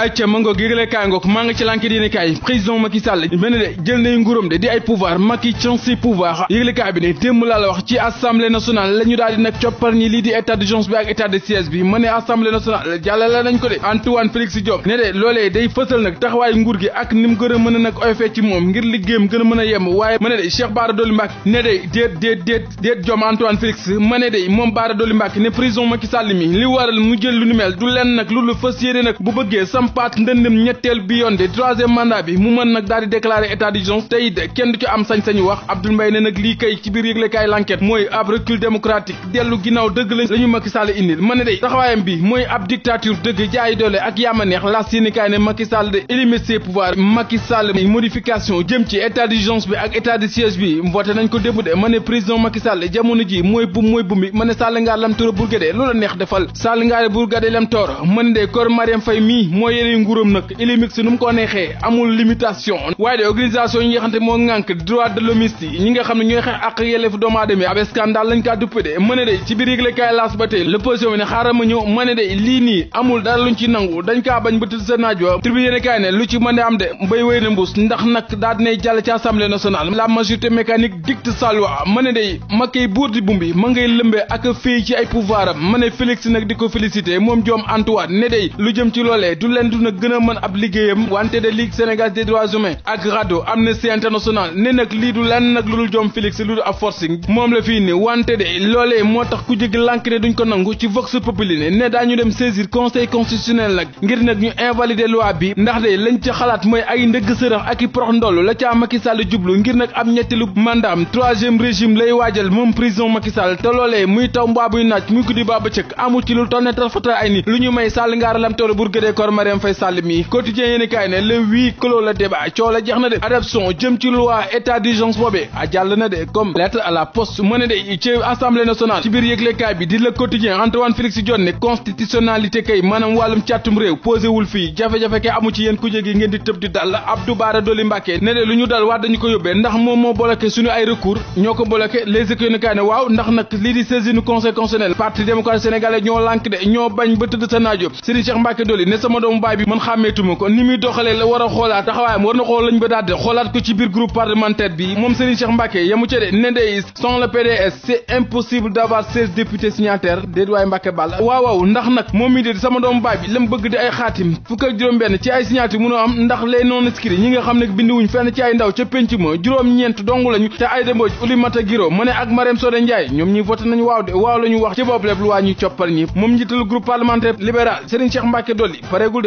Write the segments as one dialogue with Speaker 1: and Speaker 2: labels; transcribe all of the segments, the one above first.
Speaker 1: acca ma ngoog yëglekaay ngoog maa ngi ci lànket yéenekaay président Macky Sall ma ne assemblée a a a a mi li waral mu jël lu ni du lenn nag lu lu fas yéene nag bu bëggee sam sampaat ndëndëm ñetteel bi yoon de troisième mandat bi mu mën nag daal di déclarer état d'urgence te it kenn du ci sañ-sañu wax Abdoul Mbaye ne nag lii kay ci biir yëglekaay l'enquête mooy ab recul démocratique dellu ginnaaw dëgg lañ la ñu Macky day taxawaayam bi mooy ab dictature dëgg jaay doole ak yaama neex la séenikaay ne Macky Sall de éliminer ses pouvoirs Macky jëm ci état d'urgence bi ak état de siège bi voté nañ ko démb yéene nguuram nag Elimix nu mu ko neexee amul limitation waaye de organisation yi nga xam ne ñooy xeex ak yelleefu doomu aadama yi ab scandale kaa duppe de mën ne ci biir yëglekaay laas ba tey l'opposition bi ne xaaral ma ñëw mën ne lii nii amul dara luñ ci nangu dañ kaa bañ ba sa naaj wa tribune yéenekaay ne lu ci mën a am de mbay wéy na mbuus ndax nag daa dinay jàll ci assemblée nationale la majorité mécanique dicte sa loi mën ne ma koy buur di bumbi ma ngay lëmbee ak fii Soulentou la fii ni wante de loolee ku jëg lànk ne ko nangu ci Vox Populi ne ne daañu dem saisir conseil constitutionnel nag ngir nag ñu invalider loi bi ndax de lañ ca xalaat mooy ay ndëgg sërëx ak i prox la caa Macky Sall jublu ngir nag am ñetteelu mandat am troisième régime lay waajal moom prison Macky te loolee muy taw mbaa naaj muy guddi baa bëccëg amu ci lu toll ne ay nit lu ñu may Sall ngaara lam toll bur gëdee koor Marème Faye Sall mi quotidien yéen kaay ne le huis clos la débat coow la jeex na de adoption jëm ci loi état d'urgence boobee a jàll na de comme lettre à la poste mu ne de ci assemblée nationale ci biir yëglekaay bi di le quotidien Antoine Félix Diome ne constitutionnalité kay maanaam wàllum càttum réew posé fii jafe-jafe kay amu ci yéen ku jégi ngeen di tëb di dal Abdou Bara Dolly Mbacké ne de lu ñu dal waa dañu ko yóbbee ndax moom moo bloqué suñu ay recours combat bi man xàmmeetuma ko ni muy doxalee la war a xoolaat taxawaayam war na xool lañ ba daatde xoolaat ko ci biir groupe parlementaire bi moom Serigne Cheikh Mbacké yamu ca de ne dey sans le PDS c'est impossible d'avoir seize députés signataires déet waay Mbacké Ball waaw waaw ndax nag moom mi de sama doom baay bi la bëgg di ay xaatim fukk juróom benn ci ay signature mënoo am ndax les non inscrits ñi nga xam ne bindiwuñ fenn ci ay ndaw ca pénc ma juróom-ñeent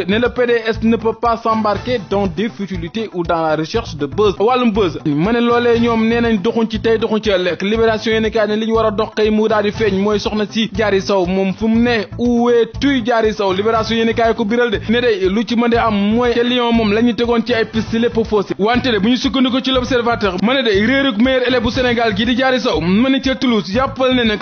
Speaker 1: ne le PDS ne peut pas s'embarquer dans des futilités ou dans la recherche de buzz wàllum buzz ma ne loolee ñoom nee nañ doxuñ ci tey doxuñ ci ëllëg libération yéen kaay ne li ñu war a dox kay mu daal di feeñ mooy soxna si jaari saw moom fu mu ne uwee tuy jaari saw libération yéen ko biral de ne day lu ci mën de am mooy ca Lyon moom la ñu tegoon ci ay piste lépp faussé wante de bu ñu sukkandiku ci l'observateur ma ne de réerug meilleur élève bu Sénégal gi di jaari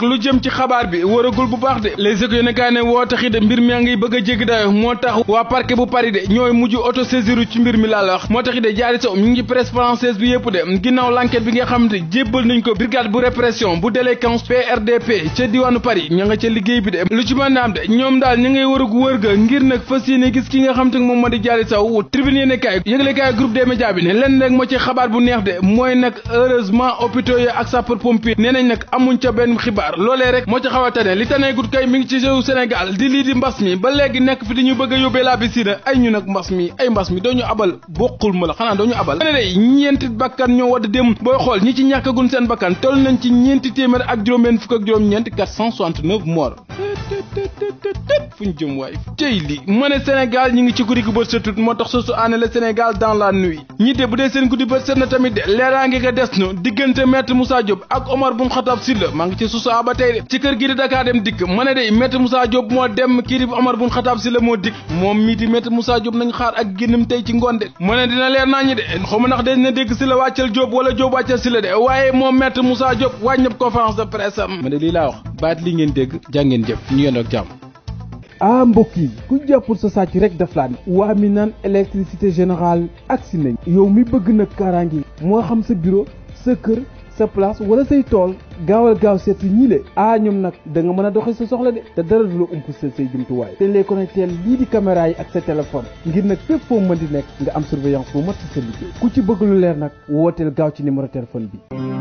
Speaker 1: lu jëm ci xabaar bi waragul bu baax de les éco yéen woo taxi de mi ngi bëgg a moo tax parquet bu Paris de ñooy mujj auto saisiru ci mbir mi laa la wax moo tax de jaari ñu ngi presse française bi yëpp de ginnaaw l'enquête bi nga xam ne jébbal nañ ko brigade bu répression bu délinquance PRDP ca diwaanu Paris ña ca liggéey bi de lu ci mën a am de ñoom daal ña ngay wër ga ngir nag fas yéene gis ki nga xam moom moo di jaari sow tribune yéene kaay yëgle kaay groupe des médias ne lenn rek moo ci xabaar bu neex de mooy nag heureusement hôpitaux a tane a abi sida ay ñu nag mbas mi ay mbas mi dooñu abal bokkul ma la xanaa ñu abal ne day ñeenti bakkan ñoo wadd dem booy xool ñi ci ñàkkagun seen bakkan toll nañ ci ñeenti téeméer ak juróom-benn fukk ak juróom-ñeent 469 morts fu ñu jëm waay tey li ma ne ñi ngi ci guddi gu bët setut moo tax sosu aane la Sénégal dans la nuit ñi de bu dee seen guddi bët set na tamit de leeraange nga des na diggante maître Moussa Diop ak Omar Boun Khatab Silla maa ngi ci sosu a ba tey de ci kër gi di Dakar dem dikk ma ne de maître Moussa Diop moo dem kii di Omar Boun Khatab Silla moo dikk moom mii di maître Moussa Diop nañu xaar ak génnam tey ci ngoon de ma ne dina leer naa ñi de xaw ndax dañ na dégg Silla wàccal Diop wala Diop wàccal Silla de waaye moom maître Moussa Diop wàññab conférence de presse am laa wax baat li ngeen dégg jàngeen jëf ñu yendoog jàmm ah mbokk yi ku jàppul sa sàcc rek daf laa ne waa mi naan électricité générale si nañ yow mi bëgg nag kaaraange moo xam sa bureau sa kër sa place wala say tool gaawal gaaw seet si ñii le ah ñoom nag da nga mën a doxe sa soxla de te dara du la umpaseel say jumtuwaay te ñu lay connecté lii di caméra yi ak sa téléphone ngir nag fépp foo mën di nekk nga am surveillance bu mat si sa liggéey ku ci bëgg lu leer nag wooteel gaaw ci numéro téléphone bi